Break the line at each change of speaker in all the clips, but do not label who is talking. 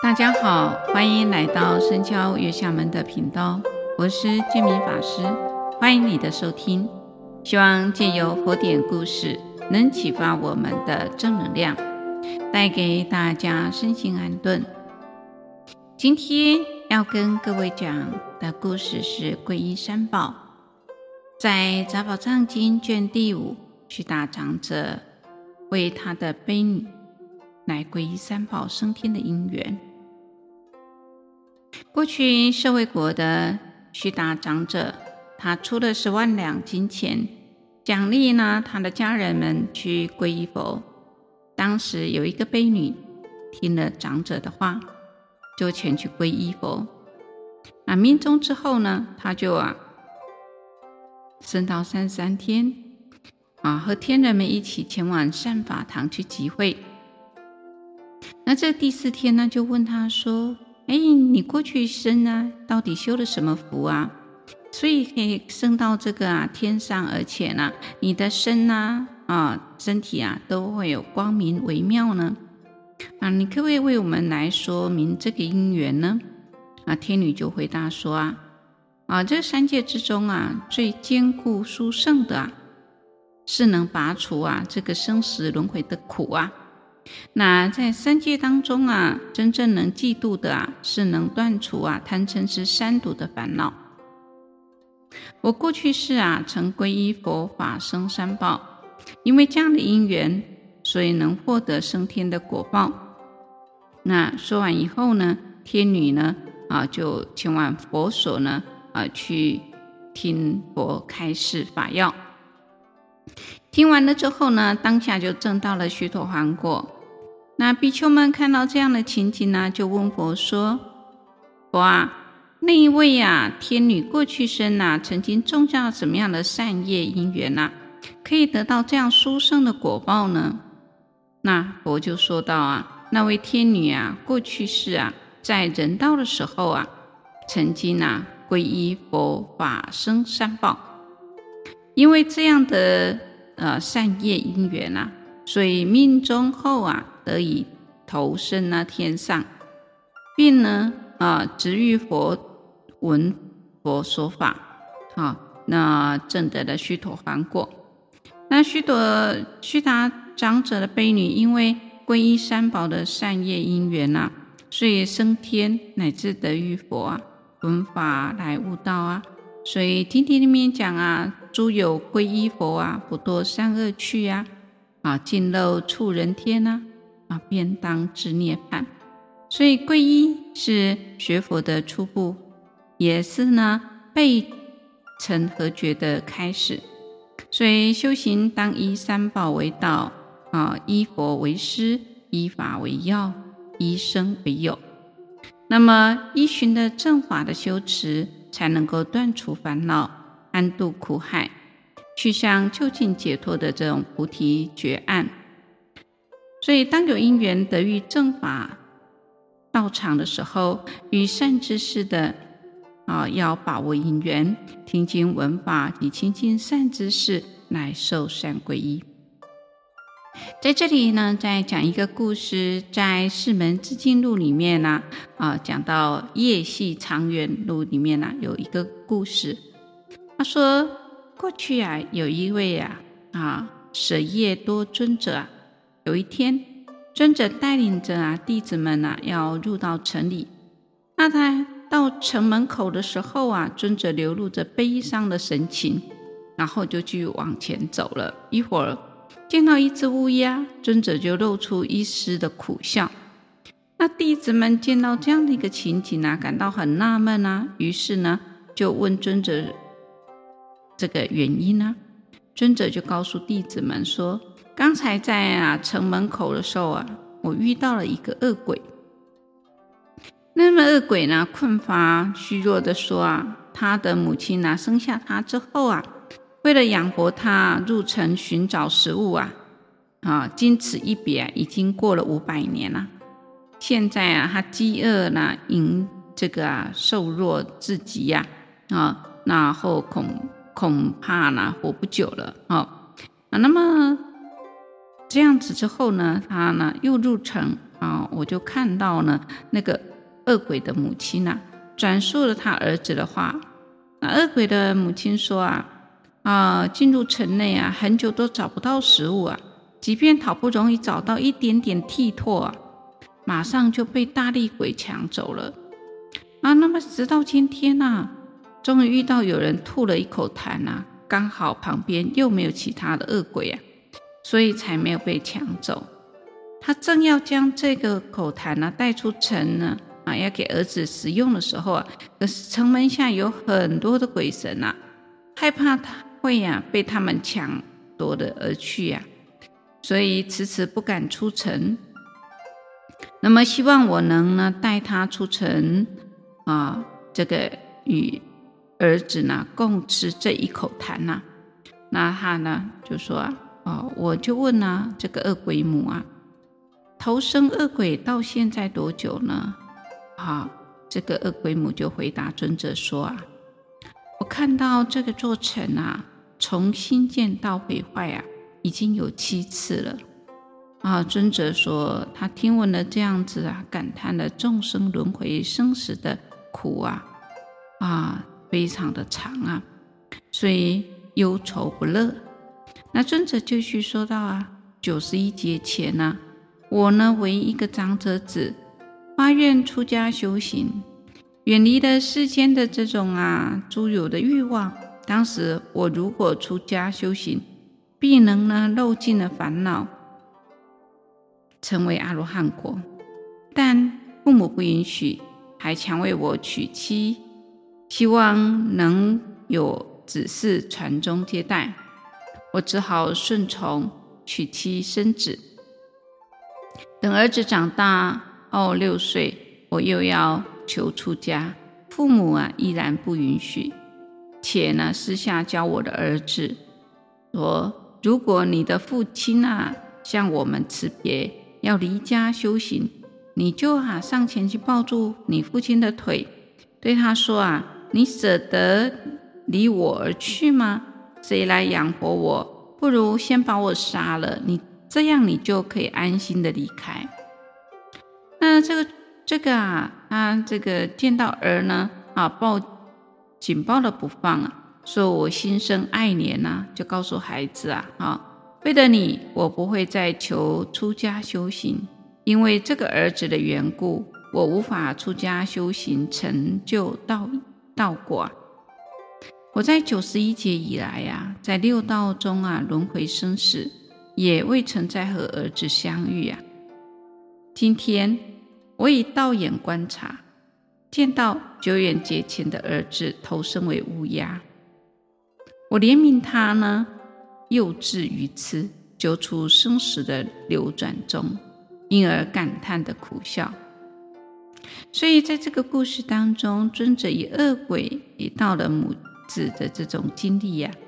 大家好，歡迎來到僧敲月下門的頻道，我是建明法師，歡迎你的收聽。希望借由佛典故事，能啟發我們的正能量，帶給大家身心安頓。今天要跟各位講的故事是《皈依三寶》。在《雜寶藏經》卷第五，須達長者為他的婢女，乃皈依三寶升天的因緣。過去舍衛國的須達長者，他出了十萬兩金錢獎勵呢，他的家人們去皈依佛。當時有一個婢女聽了長者的話，就前去皈依佛。那命終之後呢，他就啊升到三十三天，啊和天人們一起前往善法堂去集會。那這帝釋天呢，就問他說。哎，你過去生呢、啊，到底修了什麼福啊？所以可以升到這個啊天上，而且呢、啊，你的身呢、啊，啊身體啊，都會有光明微妙呢。啊，你可不可以為我們來說明這個因緣呢？啊，天女就回答說啊，啊，這三界之中啊，最堅固殊勝的，啊，是能拔除啊這個生死輪迴的苦啊。那在三界當中啊，真正能濟度的啊，是能斷除啊貪嗔癡三毒的煩惱。我過去世啊，曾皈依佛法僧三寶，因為這樣的因緣，所以能獲得生天的果報。那說完以後呢，天女呢啊，就前往佛所呢啊去聽佛開示法要。聽完了之後呢，當下就證到了須陀洹果。那比丘們看到這樣的情景呢，就問佛說：“佛啊，那一位呀、啊、天女過去生吶、啊，曾經種下了什麼樣的善業因緣吶、啊，可以得到這樣殊勝的果報呢？”那佛就說道啊：“那位天女啊，過去世啊，在人道的時候啊，曾經啊皈依佛法僧三寶，因為這樣的呃善業因緣吶、啊。”所以命終後啊，得以投生那、啊、天上，並呢啊值遇佛，聞佛說法啊，那證得的須陀洹果。那須陀須達長者的婢女，因為皈依三寶的善業因緣吶、啊，所以升天乃至得遇佛啊，聞法來悟道啊。所以經典裡面講啊，諸有皈依佛啊，不墮三惡趣呀、啊。啊，盡漏處人天呢、啊，啊，便當至涅槃。所以皈依是學佛的初步，也是呢，背塵合覺的開始。所以修行當依三寶為導，啊，依佛為師，依法為藥，依僧為友。那麼依循的正法的修持，才能夠斷除煩惱，安渡苦海。去向究竟解脫的這種菩提覺岸，所以當有因緣得遇正法道場的時候，與善知識的啊、呃，要把握因緣，聽經聞法，以親近善知識來受三皈依。在這裡呢，再講一個故事，在《釋門自鏡錄》裡面呢、啊，啊、呃，講到《業繫長遠錄》裡面呢、啊，有一個故事，他說。過去啊，有一位呀，啊，啊闍夜多尊者啊，有一天，尊者帶領着啊弟子們啊，要入到城裡。那他到城門口的時候啊，尊者流露着悲傷的神情，然後就去往前走了一會兒，見到一隻烏鴉，尊者就露出一絲的苦笑。那弟子們見到這樣的一個情景啊，感到很納悶啊，於是呢，就問尊者。這個原因呢、啊，尊者就告訴弟子們說：“剛才在啊城門口的時候啊，我遇到了一個餓鬼。那麼餓鬼呢，困乏虛弱地說啊，他的母親呢、啊、生下他之後啊，為了養活他，入城尋找食物啊。啊，經此一別、啊，已經過了五百年了。現在啊，他飢餓呢、啊，因這個啊瘦弱至極呀，啊，那後恐。”恐怕呢、啊，活不久了。哦。啊，那麼這樣子之後呢，他呢又入城啊、哦，我就看到呢那個餓鬼的母親呢、啊，轉述了他兒子的話。那餓鬼的母親說啊啊、呃，進入城內啊，很久都找不到食物啊，即便好不容易找到一點點涕唾、啊，馬上就被大力鬼搶走了啊。那麼直到今天吶、啊。終於遇到有人吐了一口痰啊，剛好旁邊又沒有其他的餓鬼啊，所以才沒有被搶走。她正要將這個口痰呢啊，帶出城呢、啊，啊，要給兒子食用的時候啊，可是城門下有很多的鬼神啊，害怕他會呀啊，被他們搶奪而去呀、啊，所以遲遲不敢出城。那麼希望我能呢帶她出城啊，這個與。兒子呢，共吃這一口痰吶、啊，那他呢就說啊，哦、我就問呢、啊、這個餓鬼母啊，投生餓鬼到現在多久呢？啊、哦，這個餓鬼母就回答尊者說啊，我看到這個座城啊，從興建到毀壞啊，已經有七次了。啊，尊者說他聽聞了這樣子啊，感嘆了眾生輪回生死的苦啊，啊。非常的長啊，所以憂愁不樂。那尊者就續說到啊，九十一劫前呢、啊，我呢為一個長者子發願出家修行，遠離了世間的這種啊諸有的欲望。當時我如果出家修行，必能呢漏盡了煩惱，成為阿羅漢果。但父母不允許，還強為我娶妻。希望能有子嗣傳宗接代，我只好順從，娶妻生子。等兒子長大哦六歲，我又要求出家，父母啊依然不允許，且呢私下教我的兒子說：“如果你的父親啊向我們辭別，要離家修行，你就啊上前去抱住你父親的腿，對他說啊。”你捨得離我而去嗎？誰來養活我？不如先把我殺了，你這樣你就可以安心的離開。那這個這個啊，他、啊、這個見到兒呢啊抱緊抱了不放啊，說我心生愛憐吶、啊，就告訴孩子啊，啊，為了你，我不會再求出家修行。因為這個兒子的緣故，我無法出家修行成就道果。道果，我在九十一劫以來呀、啊，在六道中啊輪迴生死，也未曾再和兒子相遇啊。今天我以道眼觀察，見到久遠劫前的兒子投生為烏鴉，我憐憫他呢，幼稚愚癡，久處生死的流轉中，因而感嘆的苦笑。所以，在這個故事當中，尊者以餓鬼也到了母子的這種經歷呀、啊，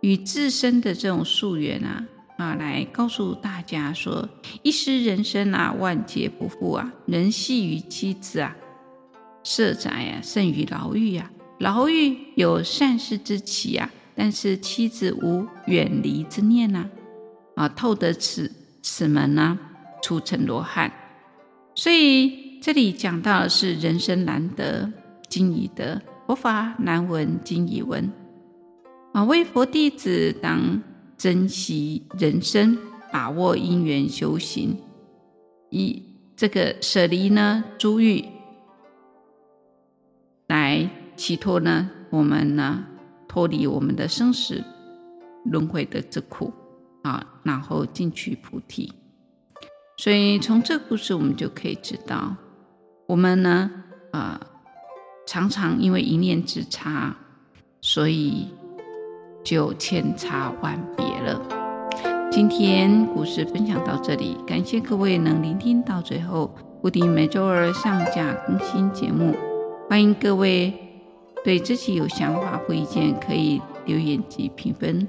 與自身的這種宿緣啊啊，來告訴大家說：一失人身啊，萬劫不復啊，人繫於妻子啊，舍宅呀、啊，甚於牢獄呀、啊，牢獄有散釋之期呀、啊，但是妻子無遠離之念吶、啊，啊，透得此此門呢、啊，出塵羅漢，所以。這裡講到的是人身難得，今已得，佛法難聞，今已聞啊！為佛弟子，當珍惜人身，把握因緣修行。以這個捨離呢，諸欲。來解脫呢，我們呢脫離我們的生死輪迴的之苦啊，然後進趣菩提。所以從這故事，我們就可以知道。我們呢，呃，常常因為一念之差，所以就千差萬別了。今天故事分享到這裡，感謝各位能聆聽到最後。固定每周二上架更新節目，歡迎各位對自己有想法或意見可以留言及評分。